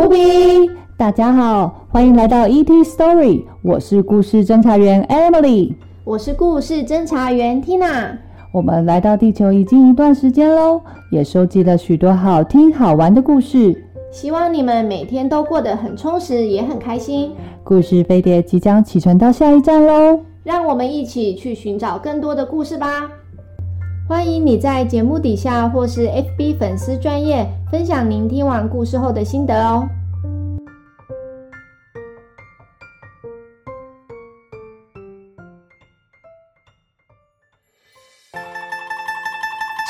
波比，大家好，歡迎來到《ET Story》，我是故事偵查員 Emily，我是故事偵查員 Tina。我們來到地球已經一段時間嘍，也收集了許多好聽好玩的故事。希望你們每天都過得很充實，也很開心。故事飛碟即將啟程到下一站嘍，讓我們一起去尋找更多的故事吧！歡迎你在節目底下或是 FB 粉絲專頁，分享您聽完故事後的心得哦。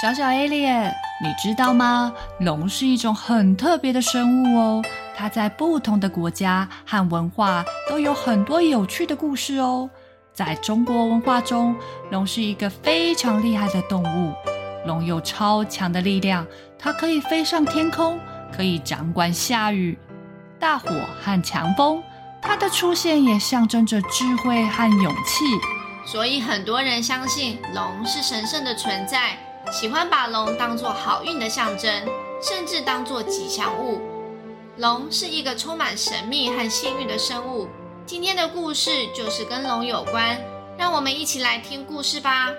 小小 Alien，你知道嗎？龍是一種很特別的生物哦，它在不同的國家和文化都有很多有趣的故事哦。在中國文化中，龍是一個非常厲害的動物。龍有超強的力量，它可以飛上天空，可以掌管下雨、大火和強風。它的出現也象徵着智慧和勇氣。所以，很多人相信龍是神聖的存在，喜歡把龍當作好運的象徵，甚至當作吉祥物。龍是一個充滿神秘和幸運的生物。今天的故事就是跟龍有關，讓我們一起來聽故事吧。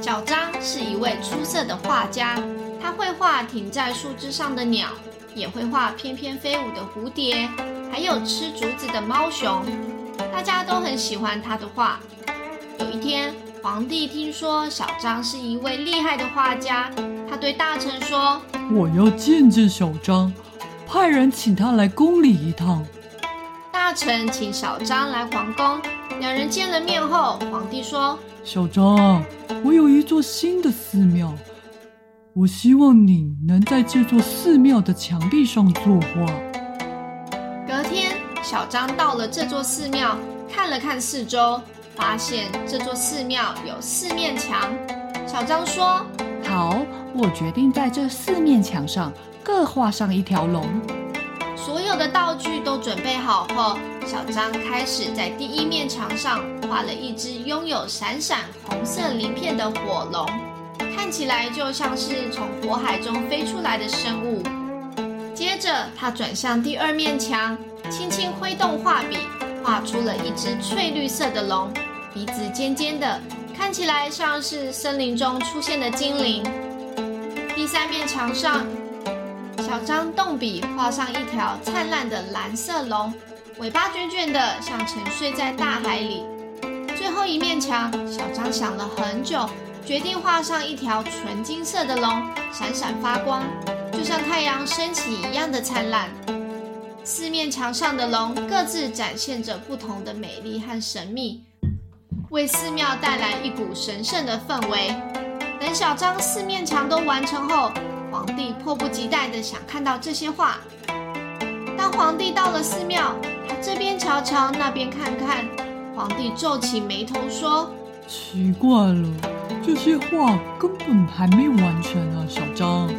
小張是一位出色的畫家，他會畫停在樹枝上的鳥，也會畫翩翩飛舞的蝴蝶，還有吃竹子的貓熊，大家都很喜歡他的畫。有一天。皇帝聽說小張是一位厲害的畫家，他對大臣說：“我要見見小張，派人請他來宮裡一趟。”大臣請小張來皇宮，兩人見了面後，皇帝說：“小張，我有一座新的寺廟，我希望你能在這座寺廟的牆壁上作畫。”隔天，小張到了這座寺廟，看了看四周。發現這座寺廟有四面牆，小張說：“好，我決定在這四面牆上各畫上一條龍。”所有的道具都準備好後，小張開始在第一面牆上畫了一只擁有閃閃紅色鱗片的火龍，看起來就像是從火海中飛出來的生物。接着，他轉向第二面牆，輕輕揮動畫筆，畫出了一只翠綠色的龍。鼻子尖尖的，看起來像是森林中出現的精靈。第三面牆上，小張動筆畫上一條燦爛的藍色龍，尾巴捲捲的，像沉睡在大海裡。最後一面牆，小張想了很久，決定畫上一條純金色的龍，閃閃發光，就像太陽升起一樣的燦爛。四面牆上的龍各自展現着不同的美麗和神秘。為寺廟帶來一股神聖的氛圍。等小張四面牆都完成後，皇帝迫不及待的想看到這些畫。當皇帝到了寺廟，他這邊瞧瞧，那邊看看。皇帝皺起眉頭說：“奇怪了，這些畫根本還沒完成啊，小張。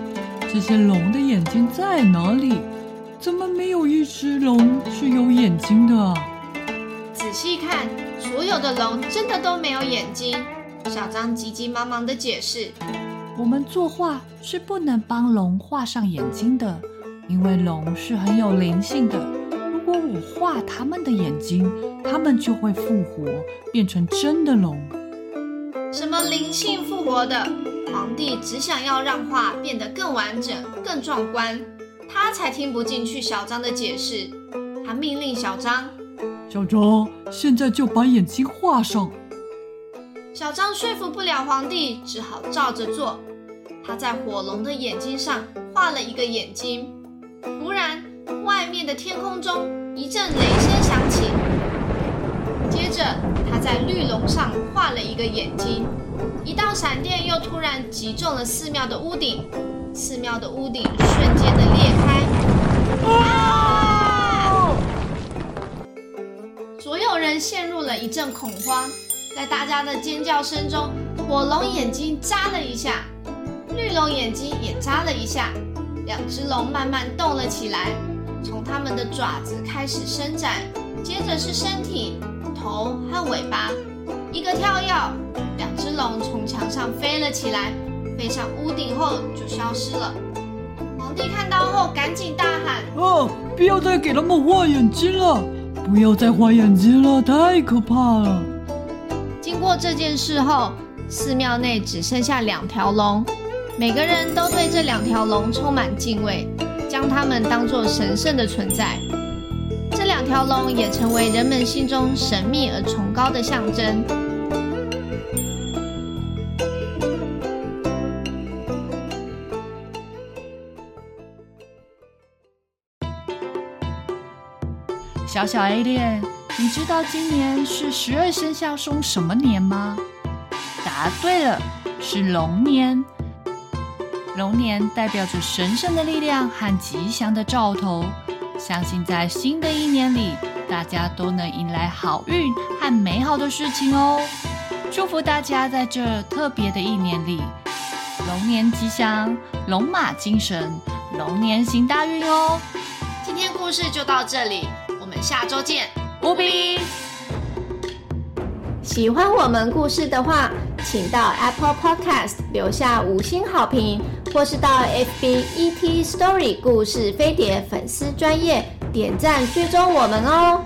這些龍的眼睛在哪裡？怎麼沒有一隻龍是有眼睛的啊？仔細看。”所有的龍真的都沒有眼睛。小張急急忙忙的解釋：“我們作畫是不能幫龍畫上眼睛的，因為龍是很有靈性的。如果我畫他們的眼睛，他們就會復活，變成真的龍。”什麼靈性復活的？皇帝只想要讓畫變得更完整、更壯觀，他才聽不進去小張的解釋。他命令小張，小張，現在就把眼睛畫上。小張說服不了皇帝，只好照着做。他在火龍的眼睛上畫了一個眼睛。突然，外面的天空中一陣雷聲響起。接着，他在綠龍上畫了一個眼睛。一道閃電又突然擊中了寺廟的屋頂，寺廟的屋頂瞬間的裂開。陷入了一陣恐慌，在大家的尖叫聲中，火龍眼睛眨了一下，綠龍眼睛也眨了一下，兩隻龍慢慢動了起來，從它們的爪子開始伸展，接着是身體、頭和尾巴。一個跳躍，兩隻龍從牆上飛了起來，飛上屋頂後就消失了。皇帝看到後，趕緊大喊：“啊、哦！不要再給他們畫眼睛了！”不要再畫眼睛了，太可怕了。經過這件事後，寺廟內只剩下兩條龍，每個人都對這兩條龍充滿敬畏，將它們當作神聖的存在。這兩條龍也成為人們心中神秘而崇高的象徵。小小 A 戀，你知道今年是十二生肖中什麼年嗎？答對了，是龍年。龍年代表着神聖的力量和吉祥的兆頭，相信在新的一年裡，大家都能迎來好運和美好的事情哦。祝福大家在這特別的一年裡，龍年吉祥，龍馬精神，龍年行大運哦！今天故事就到這裡。我們下周見，烏比。喜歡我們故事的話，請到 Apple Podcast 留下五星好評，或是到 FB ET Story 故事飛碟粉絲專頁點讚追蹤我們哦。